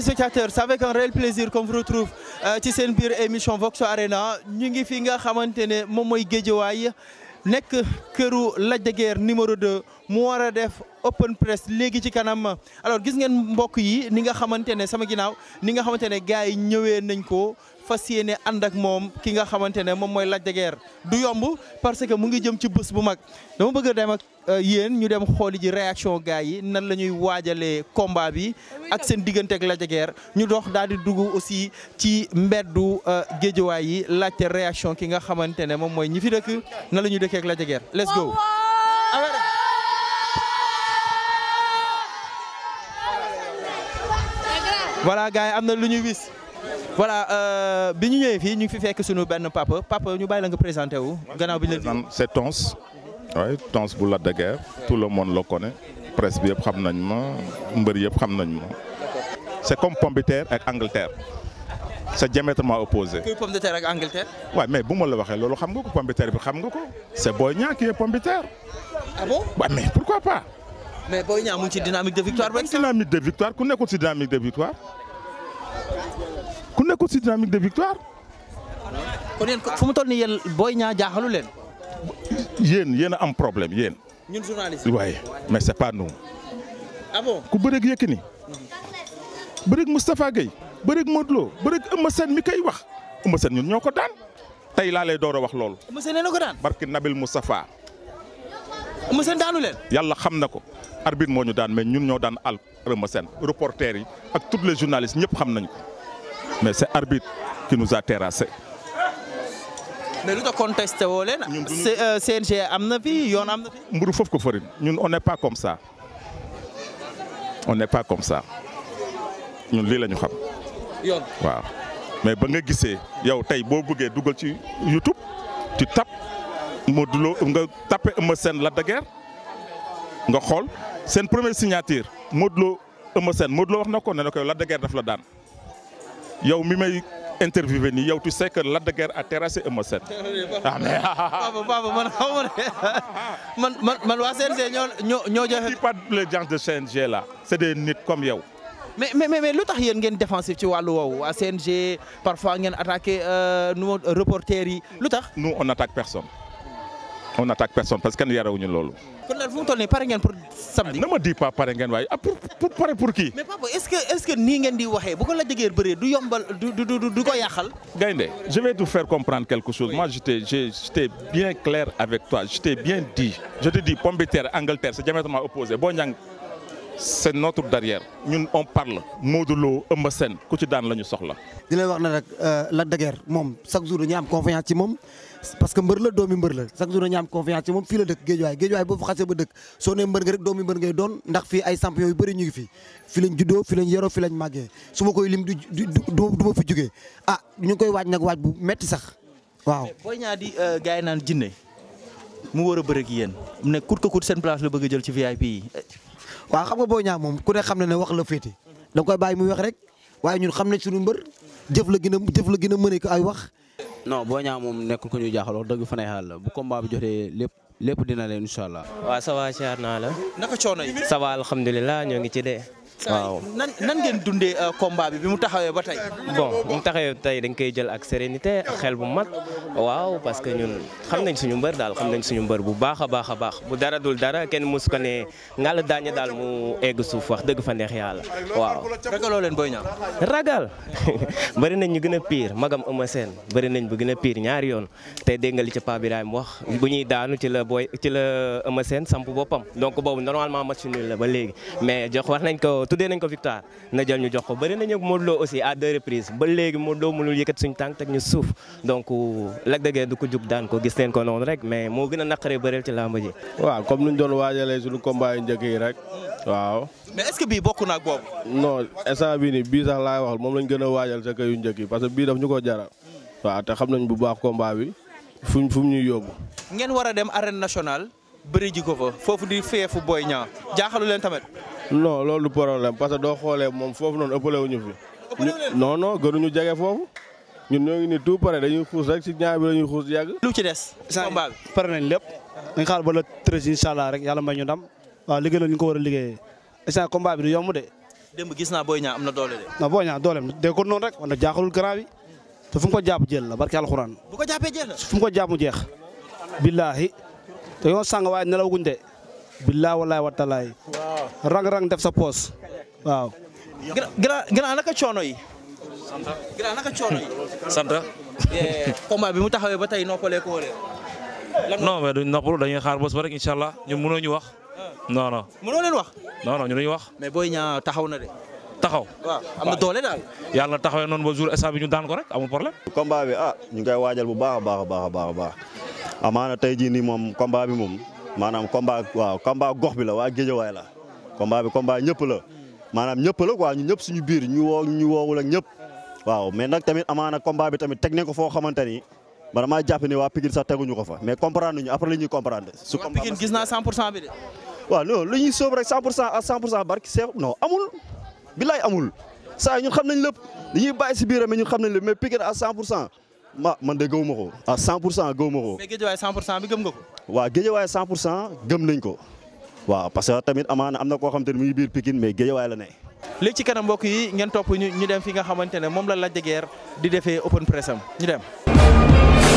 téléspectateurs c'est avec un réel plaisir qu'on vous retrouve euh, ci seen biir émission Vox Arena ñu ngi fi nga xamante ne moom mooy Géejawaay nekk këru Lac de Guiers numéro 2 mu war a def open press léegi ci kanam alors gis ngeen mbokk yi ni nga xamante ne sama ginaaw ni nga xamante ne gars yi ñëwee nañ ko fas yéene ànd ak moom ki nga xamante ne moom mooy la de du yomb parce que mu ngi jëm ci bës bu mag dama bëgg a dem ak euh, yéen ñu dem xooli ji réaction gars yi nan la ñuy waajalee combat bi ak seen diggante ak Lac de ñu dox daal di dugg aussi ci mbeddu euh, géejewaay yi laajte réaction ki nga xamante ne moom mooy ñu fi dëkk na la ñuy dëkkee ak Lac de Guiers am na lu ñu wis. voilà euh, bi ñu ñëwee fii ñu ngi fi fekk sunu benn papa papa ñu bàyyi la nga présenté wu. gannaaw bi ñu la c'est Tons. oui Tons bu Lac de Guiers. tout le monde le connaît. presse bi yëpp xam nañ ma mbër yëpp xam nañ ma. c'est comme pomme terre ak Angleterre. sa diamétralement opposé. kuy pomme de terre ak mais bu ma la waxee loolu xam nga ko pomme terre bi xam nga ko. c'est Boy Niang qui est pomme de terre. ah bon waaw mais pourquoi pas. mais Boy Niang mu ngi ci dynamique de victoire. dynamique de victoire ku nekkul ci dynamique de victoire. nekkul si de victoire. kon yéen fu mu toll nii yéen Boy Niang jaaxalu leen. yéen yéen am problème yéen. ñun journaliste waaye mais c'est pas nous. Ah ku bëreeg Yékini. bëreeg Moustapha Gueye. bëreeg Modou Lo bëreeg Eumeu Sène mi koy wax Eumeu Sène ñun ñoo ko daan tey laa lay door wax loolu. Eumeu Sène nee na ko daan barki Nabil Moustapha. Eumeu Sène daanu leen. yàlla xam na ko. arbitre moo ñu daan mais ñun ñoo daan al Eumeu Sène reporter yi ak tous les journalistes ñëpp xam nañu ko. mais c'est arbitre qui nous a terrassé. mais lu tax contesté woo leen. CNG euh, am na fi yoon am na fi. mburu foof ko farin ñun one n'est pas comme ça on n'est pas comme ça ñun lii lañu xam. yoon waaw mais ba nga gisee yow tey boo bëggee dugal ci YouTube tu tapes Modou Lo nga tapé Eumeu Sène Lac de nga xool seen première signature Modou Lo Eumeu Sène Modou Lo wax na ko ne na ko Lac de Guiers daf la daan. yow mi may interviewé nii yow tu sais que Lac de a terrassé Eumeu Sène. ah mais papa man xaw ma ne man man CNG ñoo ñoo ñoo joxe. pas les de CNG la c'est des nit comme yow. mais mais mais lu tax yéen ngeen défensif ci wàllu woowu waa CNG parfois ngeen attaqué euh, nu ma reporters yi lu tax. nous on attaque personne on attaque personne parce que kenn yarewuñu loolu. samedi. Ah, na ma di pas pare ngeen waaye ah, pour pare pour kii. est ce que nii ngeen di waxee bu ko la jëgee bëree du yombal du du du ko yàqal. gaynde je vais te faire comprendre quelque chose moi j' étais j' étais bien clair avec toi j' étais bien dit. je te dis pomme de terre Angleterre c' est diamétralement boo ñàng c' notre derrière on parle Modou Lo Eumeu ku ci daan la ñu soxla. di leen wax na rek euh, Lac de Guiers moom chaque jour dañuy am confiance ci moom. parce que mbër la doomi mbër la chaque jour dañu am confiance ci moom fii la dëkk géejuwaay géejuwaay boo fa xasee ba dëkk soo nee mbër nga rek doomi mbër ngay doon ndax fii ay samp yooyu bëri ñu ngi fi fi lañ juddoo fi lañ yeroo koy lim du fi jógee ah ñu koy waaj nag waaj bu metti sax waaw. booy ñaa euh, a bëri a moom ku ne xam na ne wax la féete da koy bàyyi muy wax rek waaye ñun xam nañ suñu mbër jëf la gën a jëf a mëne ko ay wax non boo Niang moom nekkul ko ñu jaaxal dagg dëgg fa ne xaal bu combat bi jotee lépp dina leen incha allah. waaw ça va naa la. naka coono yi. ça va alhamdulilah ñoo ngi ci dee. waaw nan nan ngeen dundee euh, combat bi mu taxawee ba tey. bon mu taxawee ba tey dañ koy jël ak sérénité ak xel bu mag waaw parce que ñun xam nañ suñu mbër daal xam nañ suñu mbër bu baax a baax a baax bu dara dul dara kenn mosu ko ne ngàll daañu daal mu egg suuf wax dëgg fa neex yàlla waaw. ragaloo leen booy ñaaw. ragal bëri nañ ñu gën a pire magam Eumeu Sène bëri nañ bu gën a pire ñaari yoon te dégg nga li ci Pape Birahim wax bu ñuy daanu ci la booy ci la Eumeu Sène samp boppam donc boobu normalement match la ba léegi tu nañ ko victoire na jël ñu jox ko bëri nañu Modou Lo aussi à deux reprises ba léegi Modou Lo mënul yëkkat suñu tànk teg ñu suuf donc Lac de du ko jug daan ko gis leen ko noonu rek mais moo gën a naqaree bëreel ci làmb ji. waaw comme ni ñu doon waajalee suñu combat yu njëkk yi rek waaw. mais est-ce que bii bokk na no boobu. non instant bii nii bii sax laay wax moom lañ gën a waajal sa yu njëkk yi parce que bi daf ñu ko jaral. waaw te xam nañ bu baax combat bi fuñ fu ñuy yóbbu. war a dem arène nationale bëri ji ko fa di feefu Boy Niang jaaxalu non loolu du problème parce que doo xoolee moom foofu noonu ëppale wuñu fi. non non gënuñu jege foofu ñun ñoo ngi ni pare dañuy xuus rek si ñaar dañuy xuus yàgg. pare nañ lépp. dañ xaar ba le treize incha allah rek yàlla may ñu ndam waaw liggéey la ñu ko war a liggéeyee instant combat bi du yomb de. démb gis naa na doole de. non Boy Niang dooleem de ko noonu rek wala jaaxalul grand bi te fu mu ko jàpp jël la barke alxuraan. bu ko jàppee mu jeex. billaahi te yoon sàng waaye nelawaguñ de billaa walaay wa talaay. rang-rang def sa poos waaw. gra gra naka coono yi. sant gra naka yi. sant. combat bi mu taxawee ba tey noppalee ko wala. non mais dañuy xaar bés ba rek incha allah ñu mënoo ñu wax. Ah. no non. mënoo leen wax. non ñu duñu wax. mais booy ñaa taxaw na de. taxaw waaw am na doole daal. yàlla na taxawee noonu ba jour instant bi ñu daan ko rek amul problème. combat bi ah ñu ngi koy waajal bu baax baax a baax a baax amaana tey jii nii moom combat bi moom. maanaam combat gox bi la waa Géejawaay la combat bi combat ñëpp la maanaam ñëpp la ñu ñëpp suñu biir ñu woo ñëpp waaw mais nag tamit amaana combat bi tamit teg nañ ko foo xamante ni man maa jàpp ni waa Pikine sax teguñu ko fa mais comprendre ñu après li ñuy comprendre. su combat bi de. waaw non lu ñuy rek cent pour cent barki seef non amul bilaay amul saa ñun xam nañ lépp li ñuy si biir mais ñun xam nañ lépp mais Pikine à 100 pour cent ma man de gëw ma ko ah 100 pour cent gëw ma ko. mais géejewaay 100 pour cent bi gëm nga ko. waaw géejewaay 100 pour cent gëm nañ ko. waaw parce que tamit amaana am na koo xam te ne mu ngi biir Pikine mais géejewaay la ne. léegi ci kanam mbokk yi ngeen topp ñu ñu dem fi nga xamante ne moom la Lac de Guiers di defee open press am ñu dem.